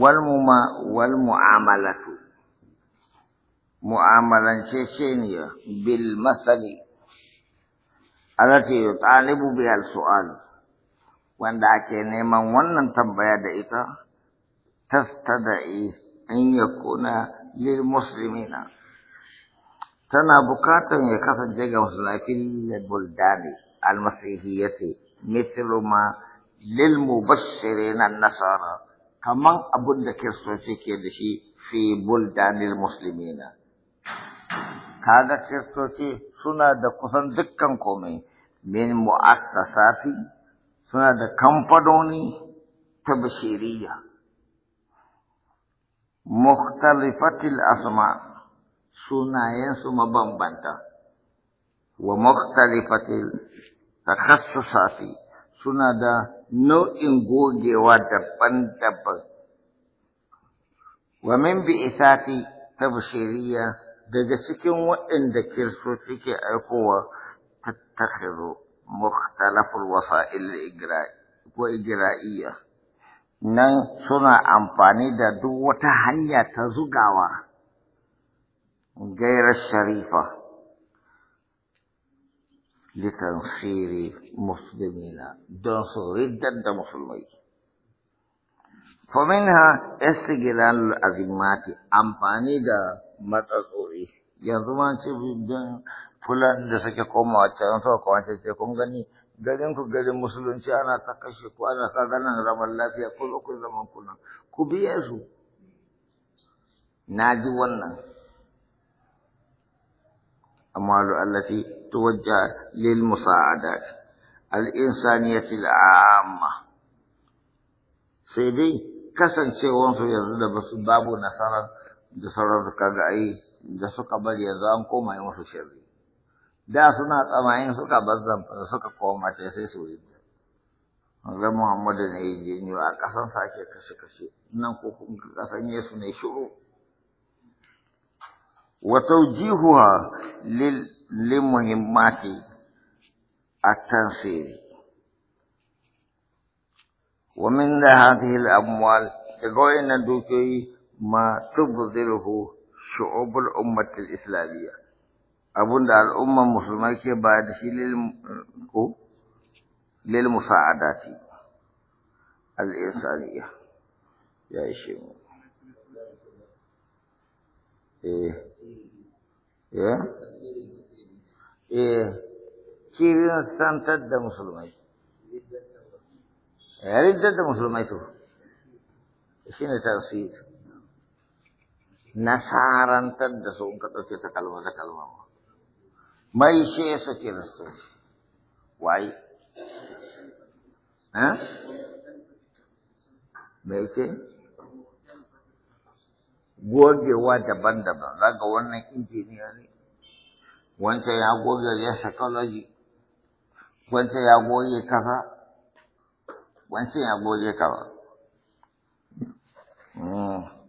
wal mu'amalatu mu'amalance sheniya bil masali alati yutalibu bihal su'al wanda ake neman wannan tambaya da ita tastada'i in yakuna lil muslimina tana bukatan ya kasance ga musulafin buldani masihiyati mithlu ma lil mubashirin nasara kaman abun da kiristoci ke da shi fi buldanil muslimina kaga kiristoci suna da kusan dukkan komai min mu'assasati suna da kamfanoni ta bashiriya mukhtalifatil asma sunayensu mabambanta wa mukhtalifatil takhassasati suna da nau'in gogewa daban-daban. Wa min bi ta tabshiriya daga cikin waɗanda kirso suke aikowa ta mukhtalaful wasa'il igra'i ko igra'iyya nan suna amfani da duk wata hanya ta zugawa gairar sharifa لتنصير don دون ردة Musulmai. فمنها استقلال الأزمات amfani da متصوري ينظمان شبه fulan da suke komawa can suka kwanta gani garin ku garin musulunci ana ta kashe ku ana ta ganin zaman lafiya ku zo ku zaman ku biye na ji wannan amma allati Wata wajen lil musa a daɗi, al'im Sani ya ce da Amma. Sai dai kasancewansu yanzu da basu babu nasarar da da suka bar yanzu an komai musu Da suna tsamayin suka baza faɗa suka koma ta sai su wuce. Wanzam Muhammadu na yi jiniyo a kasan su a ke kashe-kashe, wannan ko kuma gasa sanyasu ne shiro. Wata jihuwa, lil. lilin muhimmanin a can shiri. Wa min da haza yadda abu mahal ma ta bude da ku sha'o islamiyya. Abun da al'umma musulmai ke ba da shi, lil musa a datti. Ali 'ya Saniya ya yi eh cirin santar da musulmai yarintar eh, da musulmai to shi ne tasir nasarantar da su in ka ɗauke ta kalma da kalma ma mai she su kiristoci waye mai ce gogewa daban-daban za ga wannan injiniya ne wancan ya goge ya psychology wancan ya goge kafa wancan ya goge kafa hmm.